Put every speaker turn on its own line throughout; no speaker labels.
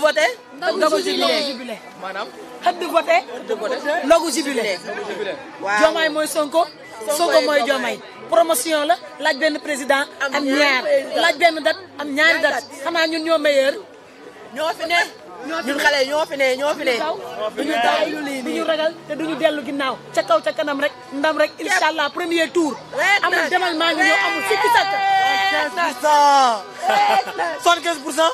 voté. ndogu jubilé madame. vote? voté. jubilé. Sonko. Sonko promotion la laaj président. am ñaar date am ñaari date. Xama ñun ñoo ñoo
fi ñun ñoo fi ñoo
fi ragal duñu kaw kanam rek ndam rek premier tour.
75 pour cent.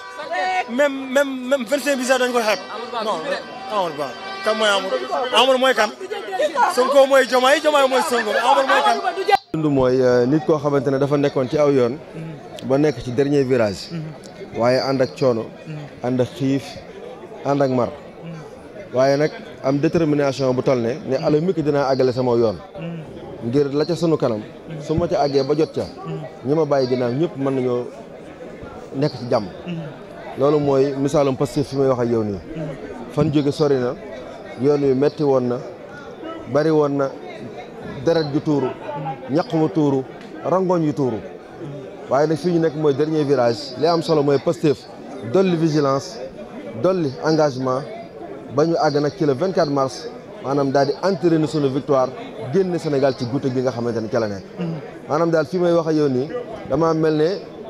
même même même 25 bi sax dañu ko xeeb. non kan mooy Amadou Amadou mooy kan. Sonko mooy Jomaay Jomaay mooy Sonko Amadou mooy kan. dund mooy euh, nit koo xamante ne dafa nekkoon ci aw yoon. ba nekk ci dernier virage. waaye ànd ak coono. ànd ak xiif ànd ak mar. waaye nag am détermination bu toll ne ne ala mikk dinaa àggale sama yoon. ngir la ca sunu kanam. su ma ca àggee ba jot ca. ñi ma bàyyi ginnaaw ñëpp mën nañoo. nekk ci jàmm. loolu mooy misaalum Pastef fi may wax a yow nii. fan jóge sori na yoon wi metti woon na bari woon na deret ju tuuru ñaq mu tuuru rangoñ yu tuuru waaye nag fii ñu nekk mooy dernier village li am solo mooy Pastef dolli vigilance dolli engagement ba ñu àgg nag ci le 24 mars maanaam daal di entériner sunu victoire génn Sénégal ci guute gi nga xamante ni ca mm-hmm. maanaam daal fii may wax ak yow nii dama mel ne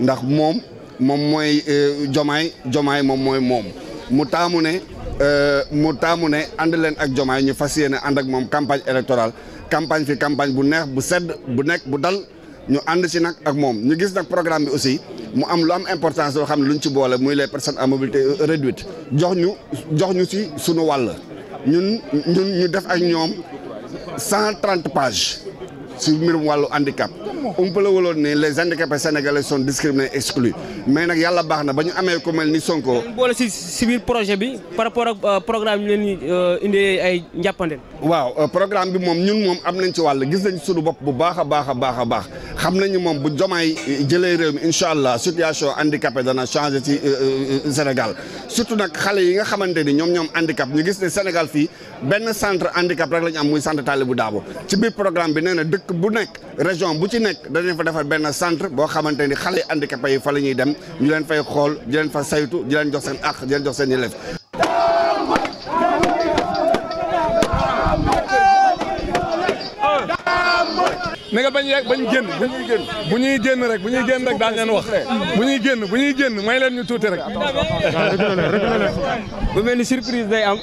ndax moom moom mooy jomaay euh, jomaay moom mooy moom mu taamu ne euh, mu taamu ne ànd leen ak jomaay ñu fas yéene ànd ak moom campagne électorale campagne fi campagne bu neex bu sedd bu nekk bu dal ñu ànd si nag ak moom ñu gis nag programme bi aussi mu am lu am importance yoo xam ne luñ ci boole muy les personnes à mobilité euh, réduite jox ñu jox ñu si sunu wàll ñun ñun ñu def ak ñoom cent trente si mbirum wàllu handicap umpale waloon ne les handicapés sénégalais sont discriminés exclus mais nag yàlla baax na ba ñu amee ku mel ni Sonko.
boole si si biir projet bi par rapport ak euh, programme ni leen euh, indee ay njàppandeel. waaw euh,
programme bi moom ñun moom am nañ ci wàll gis nañ suñu bopp bu baax a baax a baax a baax. xam nañu moom bu jomaay eh, jëlee réew mi incha allah situation handicapé dana changé ci eh, eh, Sénégal surtout nag xale yi nga xamante ni ñoom ñoom handicap ñu gis ne Sénégal fii benn centre handicap rek la ñu am muy centre bu Dabo ci biir programme bi nee na dëkk bu nekk région bu ci nekk danañ fa defar benn centre boo xamante ni xale handicapé yi fa la ñuy dem ñu leen fay xool di fa saytu di jox seen àq di jox seen yelleef
ne nga bañ yegg bañ génn bu ñuy génn bu ñuy génn rek bu ñuy génn rek daañu leen wax bu ñuy génn bu ñuy génn may leen ñu tuuti rek. bu mel ni surprise day am.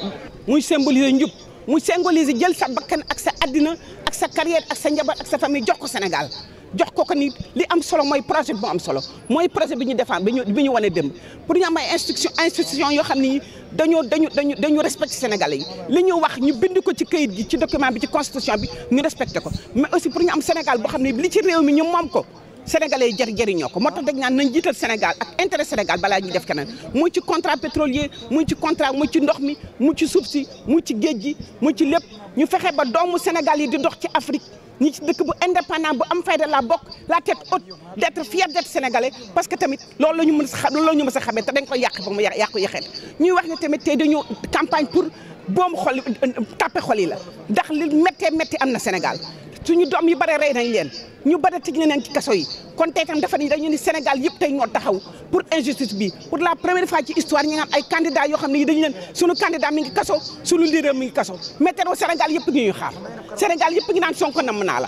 muy symboliser njub muy symboliser jël sa bakkan ak sa addina ak sa carrière ak sa njabar ak sa famille jox ko senegal jox ko ko nit li am solo mooy projet bi am solo mooy projet bi ñu défendre bi ñu bi ñu wane démb pour ñu am ay instruction institution yoo xam ni. dañoo dañu dañu dañu respecté sénégalais yi li ñu wax ñu bind ko ci kayit gi ci document bi ci constitution bi ñu respecté ko mais aussi pour ñu am Sénégal boo xam ne li ci réew mi ñu moom ko sénégalais yi jëri jëriñoo ko moo tax dañ naan nañ jiital Sénégal ak intérêt Sénégal balaa ñuy def keneen muy ci contrat pétrolier muy ci contrat mu ci ndox mi mu ci suuf si mu ci géej gi mu ci lépp ñu fexe ba doomu Sénégal yi di dox ci Afrique ñi dëkk bu indépendant bu am de la bok, la tête haute d'être fier d'être sénégalais parce que tamit loolu la ñu mëna a loolu ñu mën xamé xamee dañ ko yàq ba mu yàqu yàqeet ñuy wax ni tamit té dañu campagne pour boomu xol tapé xol yi la ndax li metté métti amna Sénégal suñu doom yi bare rey nañ leen ñu bare tëj na leen ci kaso yi kon tey tam dafa ni dañu ni Sénégal yëpp tey ñoo taxaw pour injustice bi pour la première fois ci histoire ñi ay candidat yoo xam ne dañu leen suñu candidat mi ngi kaso suñu leader mi ngi kaso météo Sénégal yëpp ngi ñuy xaar Sénégal yëpp ngi naan Sonko namm naa la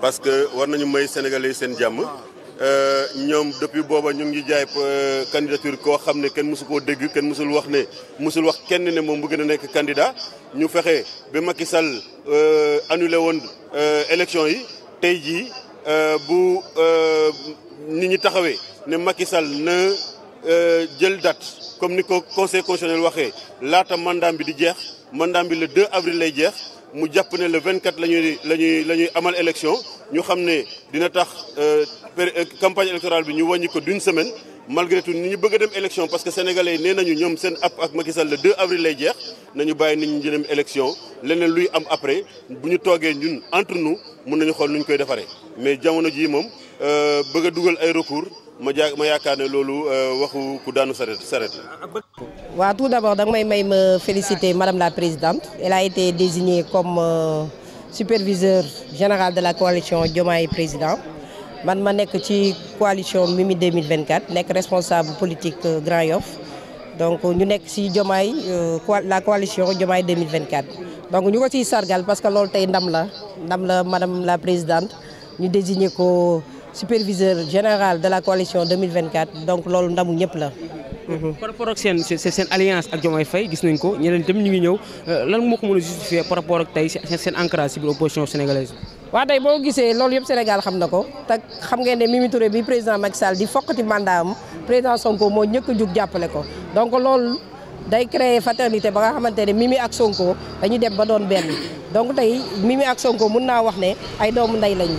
parce que war nañu may sénégalais seen jàmm euh, ñoom depuis booba ñu ngi jaay euh, candidature koo xam ne kenn mësu koo dégg kenn mësul wax ne mosul wax kenn ne moom bëgg na nekk candidat ñu fexe ba Macky Sall euh, annulé woon élection yi tey jii bu nit ñi taxawee ne Macky Sall na jël date comme ni ko conseil constitutionnel waxee laata mandat bi di jeex mandat bi le 2 avril lay jeex. mu jàpp ne le 24 lañuy lañuy lañuy amal élection ñu xam ne dina tax euh, euh, campagne électorale bi ñu wàññi ko d'une semaine malgré tout ni ñu bëgg a dem élection parce que sénégalais yi nee nañu ñoom seen app ak Macky Sall le 2 avril lay jeex nañu bàyyi nit ñi ñu dem élection leneen luy am après bu ñu toogee ñun entre nous mun nañu xool nu ñu koy defaree mais jamono jii moom euh, bëgg a dugal ay recours ma ja ma yaakaar ne loolu waxu ku daanu saret saret la
tout d'abord je féliciter madame la présidente elle a été désignée comme euh, superviseur général de la coalition Diomaye président man ma la coalition Mimi 2024 Nous responsable politique euh, Grand Yoff donc ñu Nek euh, la coalition 2024 donc sommes sargal parce que la madame la présidente nous désigné comme superviseur général de la coalition 2024 donc Mm-hmm.
par rapport ak seen seen alliance ak Diomaye Faye gis nañ ko ñeneen itam ñu ngi ñëw euh, lan moo ko mën a justifier par rapport ak tey seen ancrage ci biir opposition sénégalaise
waaw tey boo gisee loolu yëpp Sénégal xam na ko te xam ngeen ne Mimi Touré bi président Macky Sall di fokkati mandat am président Sonko moo ñëkk a jug jàppale ko donc loolu day créer fraternité ba nga xamante ne ak Sonko dañuy dem ba doon benn donc tey Mimi ak Sonko mun naa wax ne ay doomu ndey lañu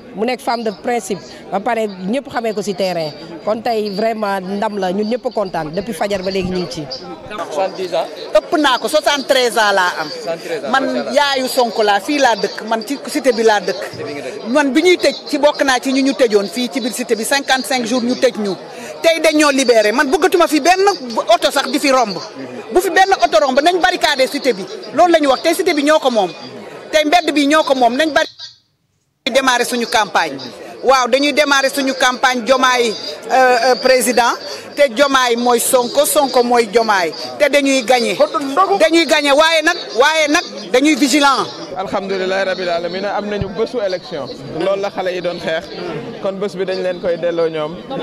mu nekk femme de principe ba pare ñëpp xamee ko si terrain kon tey vraiment ndam la ñun ñëpp kontaan depuis fajar ba léegi ñu ngi ci. 70 ëpp naa ko 73
ans la am.
73 ans man yaayu
Sonko laa fii laa dëkk man ci cité bi la dëkk. man bi ñuy tëj ci bokk naa ci ñu ñu tejoon fii ci biir cité bi 55 jours ñu tëj ñu. tey ñoo libéré man bëggatuma fi benn oto sax di fi romb. bu fi benn oto romb nañ barricade cité bi loolu la ñu wax tey cité bi ñoo ko moom. tey mbedd bi ñoo ko moom nañ bari. Nous démarrer une campagne Nous avons démarrer une campagne euh, euh, président te Diomaye mooy Sonko Sonko mooy Nous te dañuy gagné dañuy gagné waaye nag dañuy vigilant
rabil alamina élection loolu la xale yi avons xeex kon bi dañ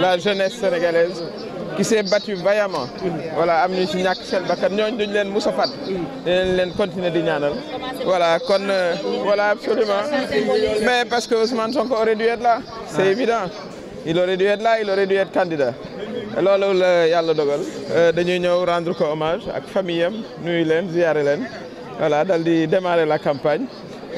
la jeunesse sénégalaise qui s'est battu vaillamment voilà amni ci ñak sel bakkan ñooñu duñ leen mus fat leen continuer di ñaanal voilà kon euh, voilà absolument mais parce que Ousmane Sonko aurait dû être là c'est évident il aurait dû être là il aurait dû être candidat loolu la yàlla dogal euh, dañuy ñëw rendre ko hommage ak famille am nuyu leen ziyaare leen voilà dal di démarrer la campagne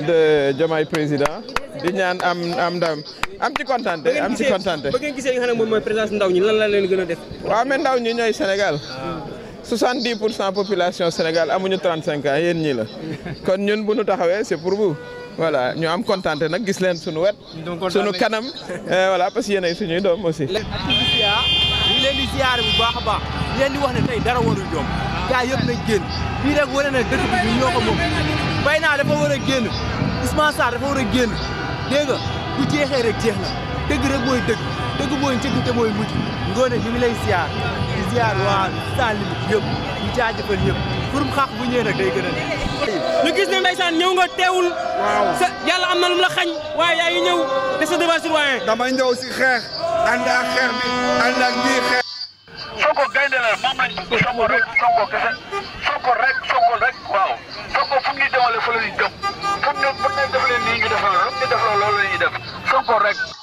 de Diomaye président di ñaan am am ndam am ci contenté am ci contenté bëgg ngeen gisé nga xam ne moom mooy présence ndaw ñi lan la leen gëna def. wa mé ndaw ñi ñoy Sénégal. 70 population Sénégal amuñu 35 ans yeen ñi la kon ñun bu ñu taxawé c'est pour vous. voilà ñu am contenté nak gis leen suñu wét suñu kanam eh, voilà parce que yéenay suñu doom aussi.
Ah, ñu leen di siyaare bu baax baax di leen di wax ne tey dara warul jom. gaa yëpp nañ génn bii rek wane na dëkk bi ñun ñoo Mbaye naa dafa war a génn Ousmane Sarr dafa war a génn dégg nga bu jeexee rek na dëgg rek mooy dëgg dëgg mooy njëkk te mooy mujj ngoone ñu ngi lay ziar di ziar waa Sans Limites yëpp ñu jaajëfal ñëpp pour bu ñëwee nag day gën a gis ne ndeysaan ñëw nga teewul. waaw sa yàlla la xañ waaye yaa ñëw de sa devoir citoyen. dama ñëw si xeex ànd ak xeex bi ànd ak ñiy xeex.
Sonko gaynde la moom lañ bëgg Sonko rek Sonko kese Sonko rek
correcto.